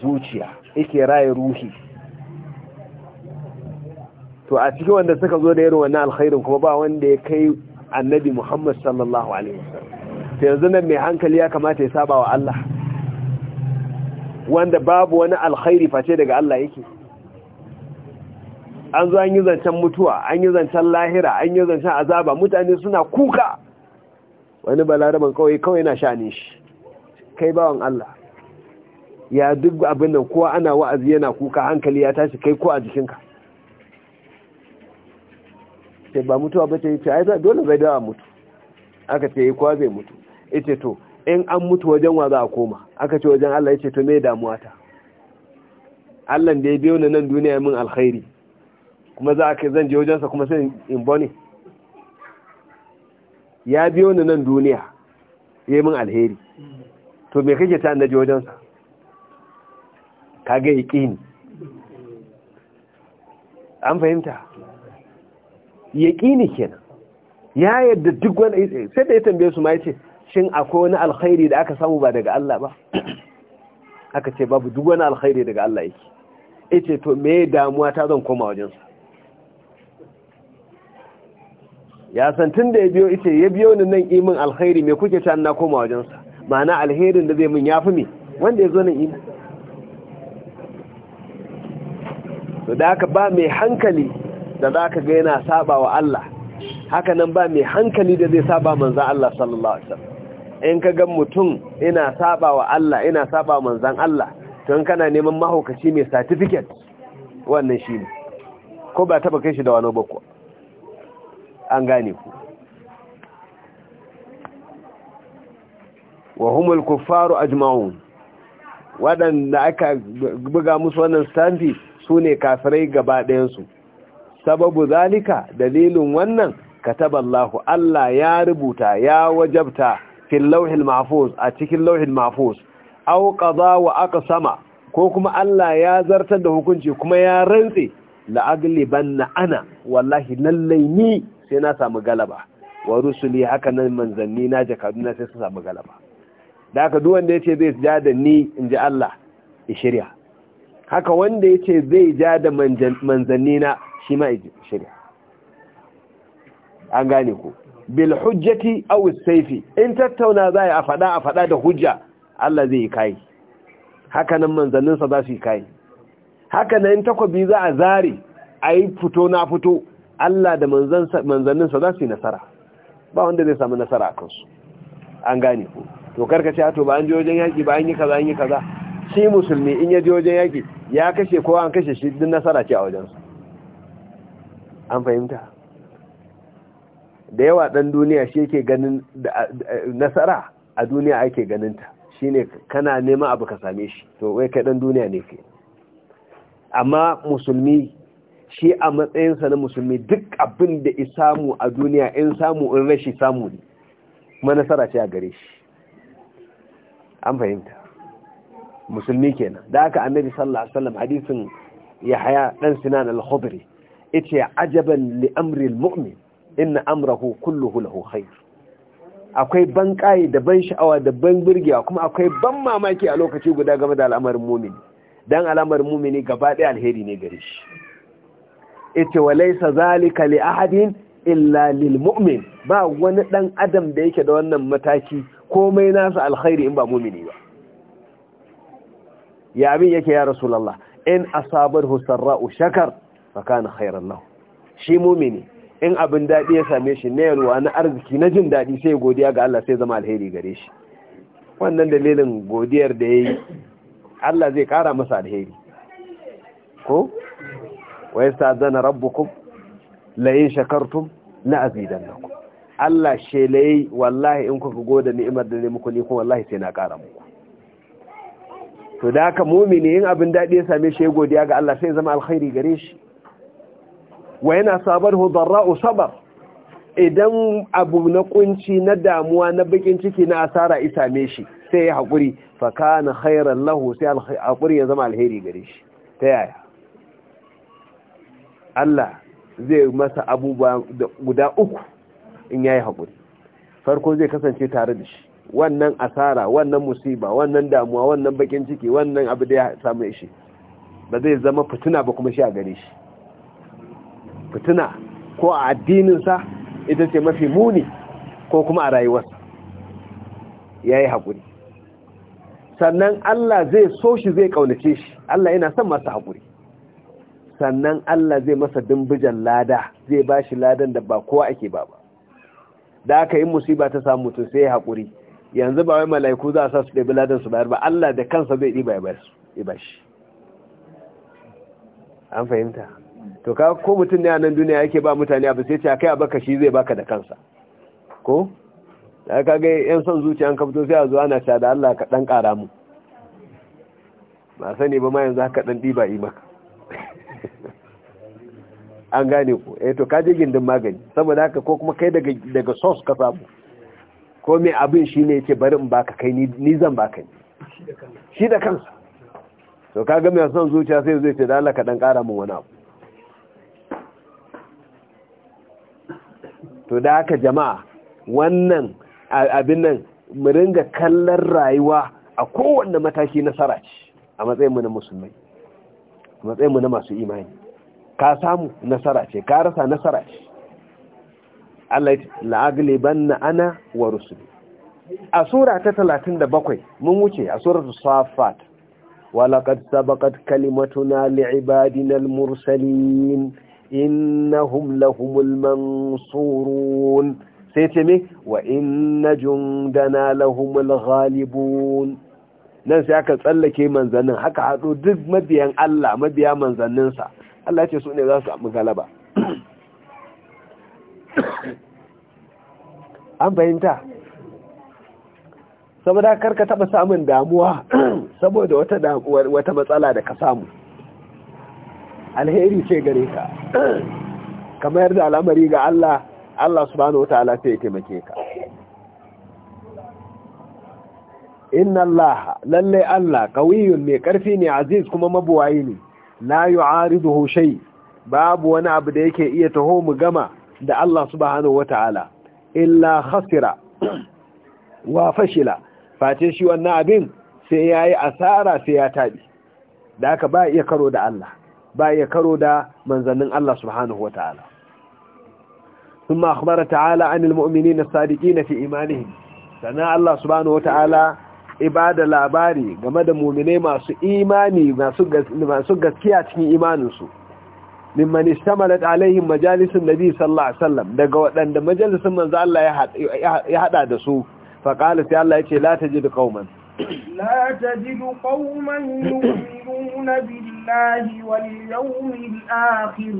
zuciya yake raye ruhi to a cikin wanda suka zo da irin wannan alkhairin kuma ba wanda ya kai annabi Muhammad sallallahu alaihi wasallam to yanzu nan mai hankali ya kamata ya saba wa Allah wanda babu wani alkhairi face daga Allah yake an zo an yi zancen mutuwa an yi zancen lahira an yi zancen azaba mutane suna kuka wani balaraban kawai kawai na sha'anin shi kai bawan Allah ya duk abin nan kowa ana wa'azi yana kuka hankali ya tashi kai ko a jikinka sai ba mutuwa ba ce ce ai dole zai dawa mutu aka ce yi eh, kowa zai mutu ita to in an mutu wajen wa za a koma aka ce wajen Allah ya ce to me damuwa ta Allah da ya biyo na nan duniya min alkhairi kuma za ka zan je wajensa kuma sai in bone ya biyo na nan duniya ya min alheri to me kake ta wajen wajensa kaga yaqini an fahimta yaqini kenan ya yadda duk wani sai da ya tambaye su ma yace shin akwai wani alkhairi da aka samu ba daga Allah ba aka ce babu duk wani alkhairi daga Allah yake yace to me damuwa ta zan koma wajen sa ya san tun da ya biyo ita ya biyo ni nan imin alkhairi me kuke ta na koma wajen sa ma'ana alherin da zai min yafi me wanda ya zo nan imin to da haka ba mai hankali da za ka ga yana saba wa Allah haka nan ba mai hankali da zai saba manzan Allah sallallahu Alaihi wasallam in ka ga mutum ina saba wa Allah ina saba manzan Allah to in kana neman mahaukaci mai certificate wannan shi ne ko ba taba kai shi da wani bakwa an gane ku wa humul kuffaru ajma'un waɗanda aka buga musu wannan stamfi su ne kafirai gaba ɗayansu sababu zalika dalilin wannan kataballahu Allah ya rubuta ya wajabta fil lauhil mahfuz a cikin lauhil mahfuz aw qada wa aqsama ko kuma Allah ya zartar da hukunci kuma ya rantse banna ana wallahi lallai ni sai na samu galaba wa rusuli haka nan manzanni na na sai su samu galaba da haka duk wanda yace zai ja da ni ji Allah ya shirya haka wanda ya ce zai ja da manzanni na shi ma shirya an gane ku bil hujjati aw saifi in tattauna za a fada a fada da hujja Allah zai yi kai haka nan sa za su yi kai haka nan takobi za a zare ai fito na fito Allah da sa za su yi nasara ba wanda zai samu nasara a kansu an gane ku to karkace to ba an je wajen yaki ba an yi kaza an yi kaza shi musulmi in ya ji wajen yaki ya kashe ko an kashe shi din nasara ce a su an fahimta da yawa dan duniya shi yake ganin nasara a duniya ake ganinta shi ne kana neman abu ka same shi to wai kai ɗan duniya ne ke amma musulmi shi a matsayinsa na musulmi duk abin da samu a duniya in samu in rashi samu ne kuma nasara ce a gare shi an fahimta musulmi kenan da aka annabi sallallahu alaihi wasallam hadisin haya dan sinan al-khudri yace ajaban li amri al-mu'min inna amrahu kulluhu lahu khair akwai ban kai da ban sha'awa da ban burgewa kuma akwai ban mamaki a lokaci guda game da al'amarin mu'mini dan al'amarin mu'mini gaba ɗaya alheri ne gare shi yace laysa zalika li ahadin illa lil mu'min ba wani dan adam da yake da wannan mataki komai nasa alkhairi in ba mu'mini ba ya abin yake ya rasulullah in asabarhu u shakar fa kana khairan lahu shi mumini in abin daɗi ya same shi ne yalwa na arziki na jin daɗi sai godiya ga Allah sai zama alheri gare shi wannan dalilin godiyar da yayi Allah zai kara masa alheri ko wa yasta'dana rabbukum la in shakartum la azidannakum Allah shelayi wallahi in kuka goda ni'imar da ne muku ni kuma wallahi sai na kara muku to da haka mumini yin abin daɗi ya same shi ya godiya ga Allah sai ya zama alkhairi gare shi wa yana sabar u sabar idan abu na kunci na damuwa na bakin ciki na asara ya same shi sai ya haƙuri fa kana khairan lahu sai haƙuri ya zama alheri gare shi ta yaya Allah zai masa abubuwa guda uku in yayi haƙuri farko zai kasance tare da shi wannan asara wannan musiba wannan damuwa wannan bakin ciki wannan abu da ya samu shi ba zai zama fituna ba kuma shi a gare shi Fituna ko a addininsa ita ce mafi muni ko kuma a rayuwarsa ya yi haƙuri sannan Allah zai so shi zai ƙaunace shi Allah yana son masa hakuri. sannan Allah zai masa dimbijan lada zai ba shi ladan da ba kowa ake ba ba da aka yi musiba ta samu mutum sai ya haƙuri yanzu ba wai mala'iku za a sa su ɗabi ladan su bayar ba Allah da kansa zai ɗiba ya ba shi an fahimta to ka ko mutum ne a nan duniya yake ba mutane abu sai ce a kai a baka shi zai baka da kansa ko da ka ga yan son zuciya an kafto sai a zuwa na cewa da Allah ka dan ƙara mu ba sani ba ma yanzu haka dan ɗiba yi maka an gane ku eh to ka je gindin magani saboda haka ko kuma kai daga daga source ka samu ko mai abin shi ne ce bari in baka kai ni zan baka ni shi da kansu to kaga mai son zuciya sai zai ce dala Allah ka dan kara mun wani abu to da haka jama'a wannan abin nan mu ringa kallon rayuwa a kowanne mataki nasara ce a matsayin mu na musulmai a matsayin mu na masu imani ka samu nasara ce ka rasa nasara ce Allah na ana wa rusuli a sura ta talatin da bakwai mun wuce a sura ta safat walakad sabakad kalimatuna liibadinal al-mursalin innahum lahumul mansurun sai ce me wa inna jundana lahumul ghalibun nan sai aka tsallake manzannin haka haɗo duk mabiyan Allah mabiya manzanninsa Allah ce su ne za su samu galaba an fahimta saboda karka taba samun damuwa saboda wata wata matsala da ka samu alheri ce gare ka kamar da al'amari ga Allah Allah subhanahu wataala sai ya taimake ka inna Allah lalle Allah qawiyun mai karfi ne aziz kuma mabuwayi ne la yu'ariduhu shay babu wani abu da yake iya taho mu gama da Allah subhanahu wataala illa khasira wa fashila Fate shi wannan abin sai yayi asara sai ya tabi da haka ba iya karo da Allah ba iya karo da manzannin Allah subhanahu wataala ثم أخبر na sadiki na fi في Sannan Allah subhanahu wa ta'ala ibada labari game da muminai masu imani masu gaskiya cikin imaninsu ممن استملت عليهم مجالس النبي صلى الله عليه وسلم دقوا عند مجلس من ذا الله يا حدا دسو فقالت يا الله يكي لا تجد قوما لا تجد قوما يؤمنون بالله واليوم الآخر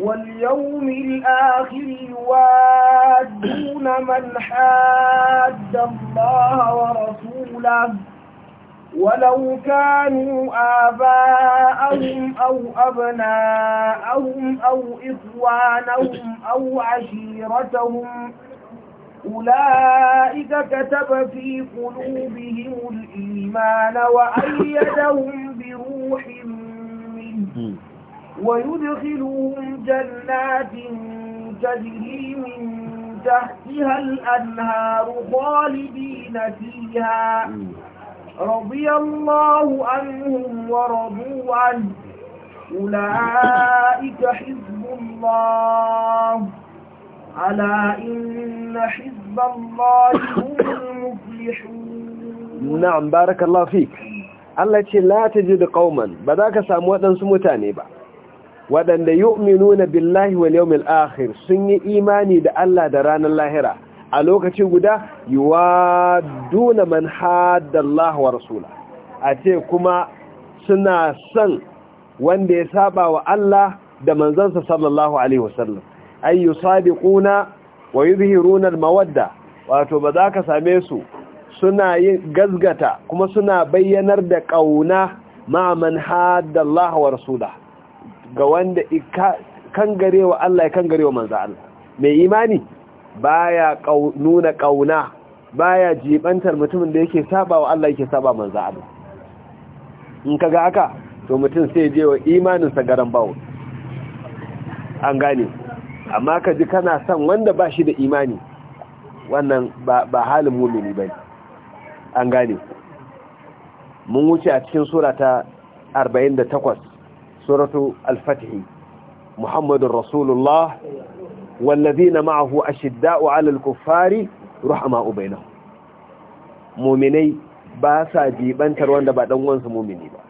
واليوم الآخر يوادون من حاد الله ورسوله ولو كانوا آباءهم أو أبناءهم أو إخوانهم أو عشيرتهم أولئك كتب في قلوبهم الإيمان وأيدهم بروح منه ويدخلهم جنات تجري من تحتها الأنهار خالدين فيها رضي الله عنهم ورضوا عنه أولئك حزب الله ألا إن حزب الله هم المفلحون نعم بارك الله فيك Allah ce la tajidu qauman ba za ka samu waɗansu mutane ba waɗanda yu'minuna billahi wa yawmil akhir sun yi imani da Allah da ranar lahira a lokaci guda yi yuwaduna man Allah wa rasula a ce kuma suna son wanda ya saba wa Allah da manzansa sallallahu alaihi wasallam ay yusadiquna wa yuzhiruna almawadda wato ba za ka same su suna yin gazgata kuma suna bayyanar da kauna ma man Allah wa rasula ga wanda kan garewa Allah ya kan garewa manzo Allah mai imani baya nuna kauna baya jibantar mutumin da yake saba wa Allah yake saba manzo Allah in kaga haka to mutum sai je wa imanin sa garan bawo an gane amma ka ji kana son wanda ba shi da imani wannan ba halin mumini bane an gane mun wuce a cikin sura ta 48 suratu al-fatih muhammadur rasulullah na ma'ahu ashidda'u 'alal kuffari rahama'u bainahum mu'minai ba sa jibantar wanda ba dan uwansu mu'mini ba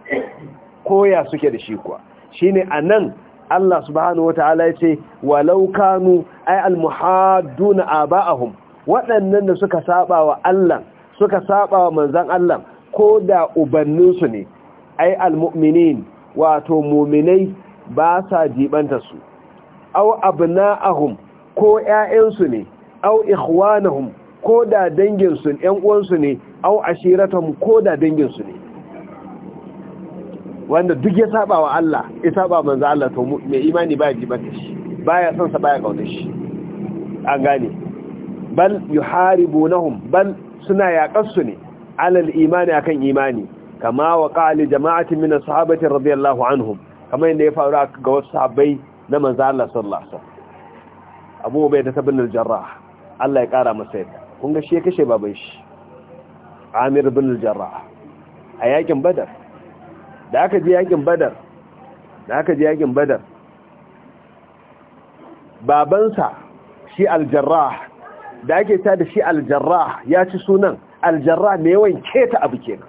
koya suke da shi kuwa shine anan Allah subhanahu wata'ala yace walau kanu ay aba'ahum waɗannan da suka saba wa Allah suka saba wa manzon Allah ko da ubanninsu ne ai almu'minin wato mu'minai ba sa jibanta su aw abna'ahum ko ƴaƴansu ne aw ikhwanahum ko da danginsu ƴan uwansu ne aw ashiratahum ko da danginsu ne wanda duk ya saba wa Allah ya saba manzo Allah to mai imani ba ji bata shi baya son sa baya kauna shi an gane bal yuharibunahum bal suna su ne alal imani akan imani kama wa qali jama'atin min as-sahabati radiyallahu anhum kamar yadda ya faru ga wasu sahabbai na manzo Allah sallallahu alaihi wasallam Abu Ubayda ibn al-Jarrah Allah ya kara masa yadda kun ga shi ya kashe baban shi Amir ibn al-Jarrah a yakin Badar da aka je yakin Badar da aka je yakin Badar babansa shi al-Jarrah da ake ta da shi al-Jarrah ya ci sunan al-Jarrah ne yawan keta abu kenan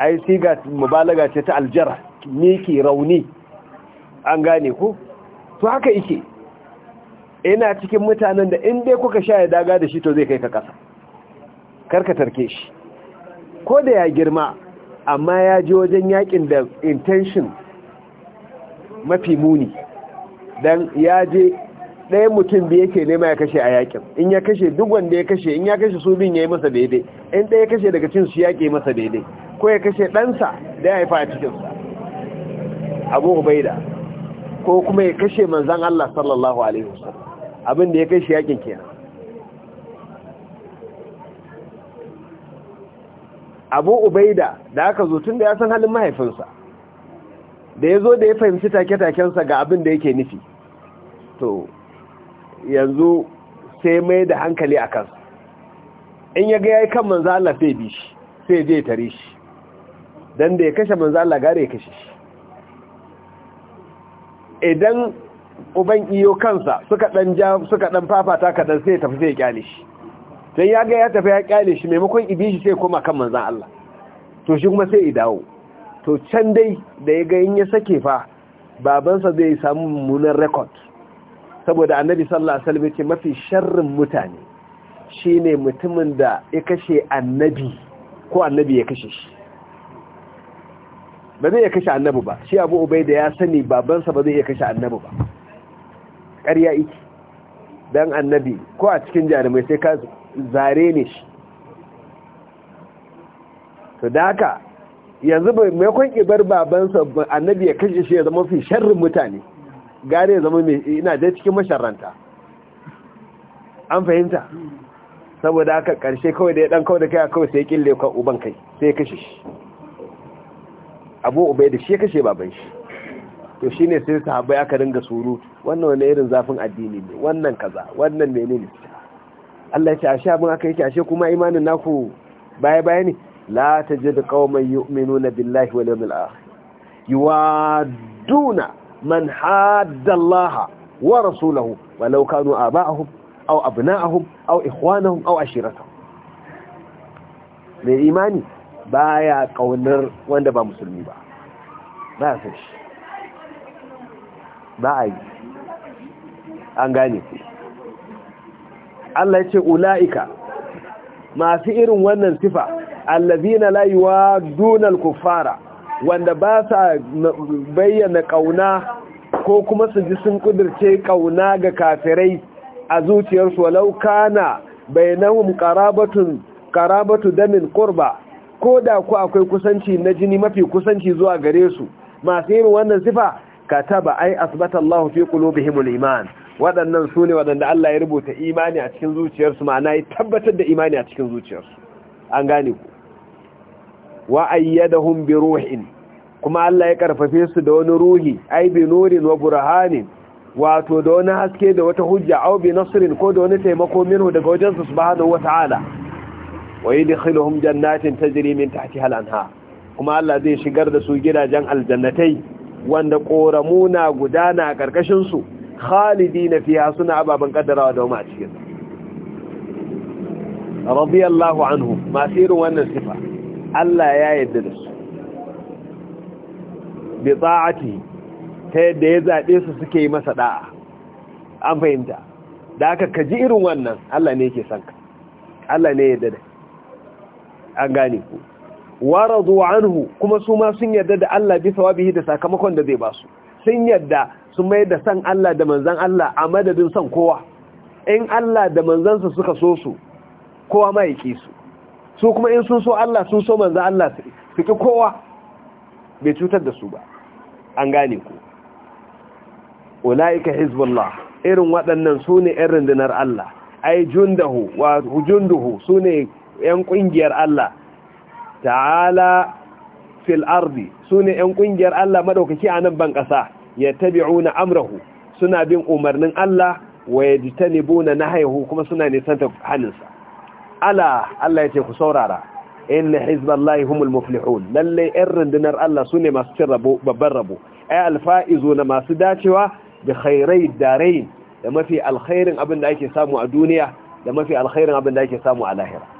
ai siga mubalaga ce ta al-Jarrah ne ki rauni an gane ku to haka yake ina cikin mutanen da in dai kuka sha ya daga da shi to zai kai ka ƙasa karka tarke shi ko da ya girma amma ya ji wajen yakin da intention mafi muni don ya je ɗaya mutum da yake nema ya kashe a yakin in ya kashe duk wanda ya kashe in ya kashe su bin ya yi masa daidai in ɗaya kashe daga cin su yaƙi masa daidai ko ya kashe ɗansa da ya haifa a cikinsa abu ubaida ko kuma ya kashe manzan Allah sallallahu alaihi wasallam abin da ya kai shi yakin kenan Abu Ubaida da aka zo tun da ya san halin mahaifinsa da ya zo da ya fahimci take-takensa ga abinda da yake nufi to yanzu sai mai da hankali a kansa in ya ga ya yi kan manzan Allah sai bi shi sai je tare shi don da ya kashe manzan Allah gare ya kashe shi idan uban iyo kansa suka dan fafata kadan sai ya tafi sai ya kyale shi dan ya ga ya tafi ya kyale shi maimakon ibishi sai koma kan manzan Allah to shi kuma sai ya dawo to can dai da ya ga in ya sake fa babansa zai samu mummunan record saboda annabi sallallahu alaihi wasallam mafi sharrin mutane shine mutumin da ya kashe annabi ko annabi ya kashe shi ba zai iya kashe annabi ba shi abu obai da ya sani babansa ba zai iya kashe annabi ba ƙarya iki don annabi ko a cikin jarumai sai ka zare ne shi to da haka yanzu maimakon bar babansa annabi ya kashe shi ya zama fi sharrin mutane gane ya zama mai ina dai cikin masharanta an fahimta saboda haka ƙarshe kawai da ya ɗan kawai da kai a kawai sai ya ƙille uban kai sai ya kashe shi abu ubai da shi kashe baban shi to shi ne sai sahabai aka ringa suru wannan wani irin zafin addini ne wannan kaza wannan mene ne Allah ya ce ashe abin aka yake ashe kuma imanin naku baya baya ne la tajid qauman yu'minuna billahi wal yawmil akhir yuwaduna man haddallaha wa rasulahu walau kanu aba'ahum aw abna'ahum aw ikhwanahum aw ashiratahum mai imani baya kaunar wanda ba musulmi ba ba a shi ba a yi an gane ku Allah ya ce ula'ika masu irin wannan sifa allazina la yuwadduna al kufara wanda ba sa bayyana ƙauna ko kuma su ji sun kudirce ƙauna ga kafirai a zuciyarsu walau kana bainahum qarabatun qarabatu damin qurba ko da ku akwai kusanci na jini mafi kusanci zuwa gare su masu yin wannan sifa ka kataba ai asibata Allah fi qulubihimul iman waɗannan su ne waɗanda Allah ya rubuta imani a cikin zuciyarsu ma'ana ya tabbatar da imani a cikin zuciyarsu an gane ku wa ayyadahum bi ruhin kuma Allah ya karfafe su da wani ruhi ai bi nurin wa burhanin wato da wani haske da wata hujja au bi nasrin ko da wani taimako minhu daga wajen su subhanahu wata'ala wa yudkhiluhum jannatin tajri min tahtiha al anha. kuma Allah zai shigar da su gidajen aljannatai wanda koramu na gudana a karkashin su na fiha suna ababan kaddarawa da wama a cikin radiyallahu anhu irin wannan sifa Allah ya yarda da su bi ta'ati ta yadda ya zabe su suke yi masa da'a an fahimta da aka kaji irin wannan Allah ne yake sanka Allah ne ya yarda da an gane ku waradu anhu kuma su ma sun yarda da Allah bi sawabihi da sakamakon da zai ba su sun yarda su mai da san Allah da manzan Allah a madadin san kowa in Allah da manzansa suka so su kowa ma yake su su kuma in sun so Allah sun so manzon Allah su ki kowa bai cutar da su ba an gane ku ulaika hizbullah irin waɗannan sune ne irin dinar Allah ai jundahu wa junduhu su 'yan ƙungiyar Allah ta'ala fil ardi su ne 'yan ƙungiyar Allah madaukaki a nan ban ƙasa ya tabi'una amrahu suna bin umarnin Allah wa ya ji ta na haihu kuma suna nisanta hannunsa ala Allah ya ce ku saurara inna hizballahi humul muflihun lallai 'yan rundunar Allah su ne masu cin rabo babban rabo ai alfa'izo na masu dacewa da khairai darain da mafi alkhairin abin da ake samu a duniya da mafi alkhairin abin da ake samu a lahira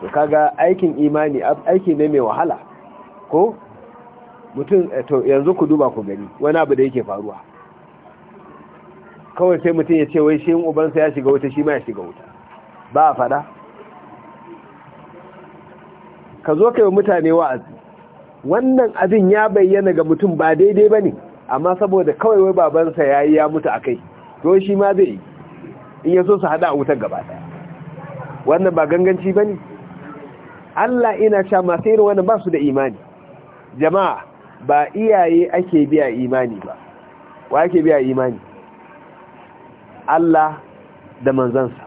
to kaga aikin imani aiki ne mai wahala ko mutum eh, to yanzu ku duba ku gani wani abu da yake faruwa kawai sai mutum ya ce wai shi ubansa ya shiga wuta shi ma ya shiga wuta ba a fada ka zo kai mutane wa'azi wannan abin ya bayyana ga mutum ba daidai ba ne amma saboda kawai wai babansa ya yi ya mutu a kai to shi ma zai yi in ya so su haɗa a wutar gaba wannan ba ganganci ba ne Allah ina sha masu irin wani ba su da imani jama'a ba iyaye ake biya imani ba wa ake biya imani Allah da manzansa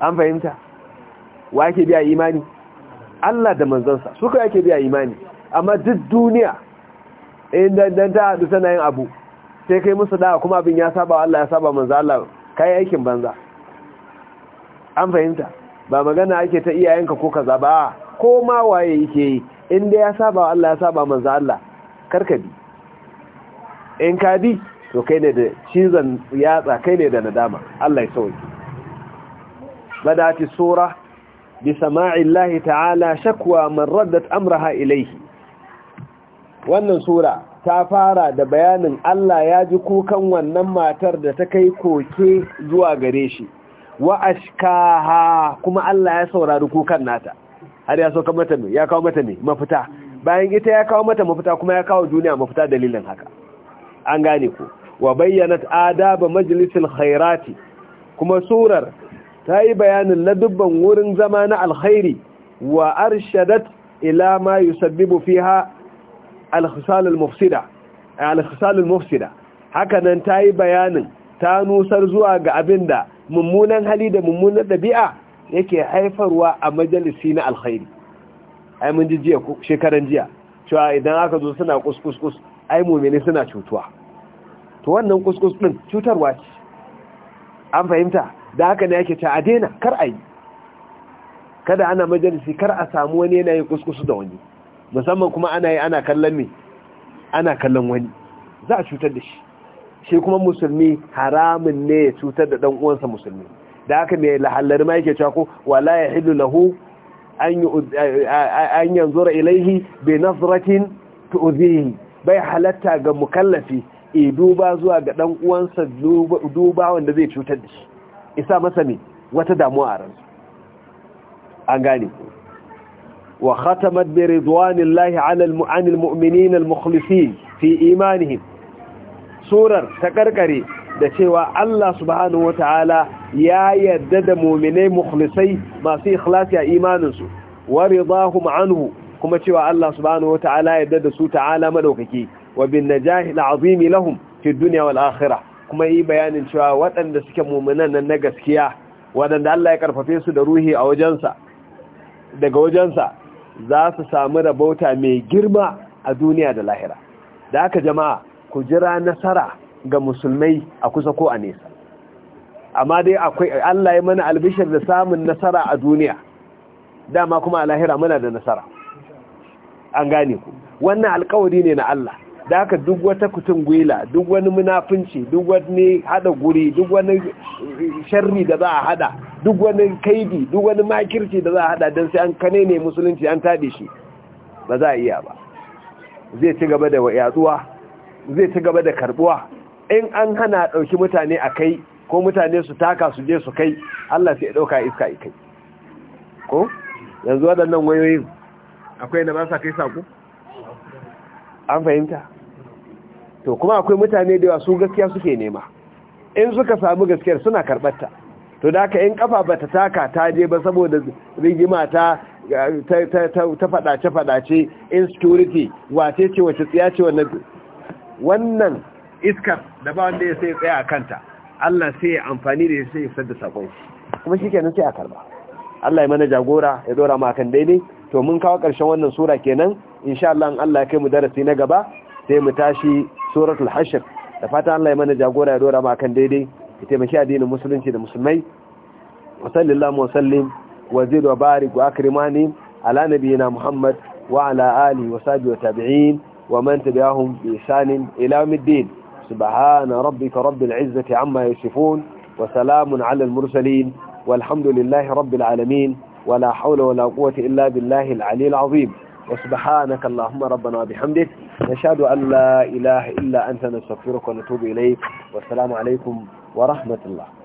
an fahimta wa ake biya imani Allah da manzansa suka ake biya imani amma duk duniya inda dan ta hadu yin abu sai kai musu da kuma abin ya saba Allah ya saba manzo Allah kai aikin banza an fahimta ba magana ake ta iyayenka ko kaza ba ko ma waye yake yi inda ya saba Allah ya saba manzo Allah karkabi in ka bi to kai ne da cizon yatsa kai ne da nadama Allah ya sauke badati sura bi sama'i Allah ta'ala shakwa man raddat amraha ilayhi wannan sura ta fara da bayanin Allah ya ji kukan wannan matar da ta kai koke zuwa gare shi wa ashkaha kuma Allah ya saurari kukan nata har ya sauka mata ya kawo mata ne mafita bayan ita ya kawo mata mafita kuma ya kawo duniya mafita dalilin haka an gane ku wa bayyana adaba majlisil khairati kuma surar ta yi bayanin ladubban wurin zama na alkhairi wa arshadat ila ma yusabbibu fiha alkhisal almufsida alkhisal mufsida haka nan hakanan ta yi bayanin ta nusar zuwa ga abinda mummunan hali da mummunan ɗabi'a yake haifarwa a majalisi na alkhairi ai mun ji jiya shekaran jiya cewa idan aka zo suna kuskus ai mumini suna cutuwa to wannan kuskus din cutarwa ce an fahimta da haka ne yake ta a daina kar a yi kada ana majalisi kar a samu wani yana yin kuskus da wani musamman kuma ana yi ana kallon me ana kallon wani za a cutar da shi shi kuma musulmi haramun ne ya cutar da dan musulmi da haka mai lahallar ma yake cewa ko wala yahillu lahu an yanzura ilaihi bi nazratin tu'zihi bai halatta ga mukallafi e duba zuwa ga dan uwansa duba wanda zai cutar da shi isa masa ne wata damuwa a ransu an gane wa khatamat bi ridwanillahi ala almu'minina almukhlisin fi imanihim surar ta karkare da cewa Allah subhanahu ta'ala ya yarda da mu'minai mukhlisai masu ikhlasi a imaninsu wa ridahum anhu kuma cewa Allah subhanahu wataala ya yarda da su ta'ala madaukaki wa bin najahi al'azim lahum fi dunya wal akhirah kuma yi bayanin cewa waɗanda suke mu'minan nan na gaskiya waɗanda Allah ya karfafe su da ruhi a wajensa daga wajensa za su samu rabauta mai girma a duniya da lahira da haka jama'a ku jira nasara ga musulmai a kusa ko a nesa amma dai akwai Allah ya mana albishir da samun nasara a duniya dama kuma a lahira muna da nasara an gane ku wannan alkawari ne na Allah da haka duk wata kutun gwila duk wani munafunci duk wani hada guri duk wani sharri da za a hada duk wani kaidi duk wani makirci da za a hada don sai an kane ne musulunci an taɗe shi ba za a iya ba zai ci gaba da yatsuwa zai ci gaba da karbuwa in an hana ɗauki mutane a kai ko mutane su taka su je su kai Allah sai ɗauka iska kai ko yanzu waɗannan wayoyin akwai da ba sa kai saƙo an fahimta to kuma akwai mutane da yawa su gaskiya suke nema in suka samu gaskiyar suna karɓarta to da haka in kafa bata taka ta je ba saboda rigima ta ta faɗace-faɗace insecurity wace ce wace tsiya ce wannan wannan iskar da ba wanda ya sai tsaya a kanta Allah sai ya amfani da ya sai ya da sakon shi kuma shi kenan sai a karba Allah ya mana jagora ya dora ma kan daidai to mun kawo ƙarshen wannan sura kenan insha Allah Allah ya kai mu darasi na gaba sai mu tashi suratul hashr da fata Allah ya mana jagora ya dora ma kan daidai ya taimaki addinin musulunci da musulmai wa sallallahu wa sallim wa zid wa barik wa akrimani ala nabiyina muhammad wa ala alihi wa sahbihi wa tabi'in ومن تبعهم بإحسان إلى الدين سبحان ربك رب العزة عما يصفون وسلام على المرسلين والحمد لله رب العالمين ولا حول ولا قوة إلا بالله العلي العظيم وسبحانك اللهم ربنا وبحمدك نشهد أن لا إله إلا أنت نستغفرك ونتوب إليك والسلام عليكم ورحمة الله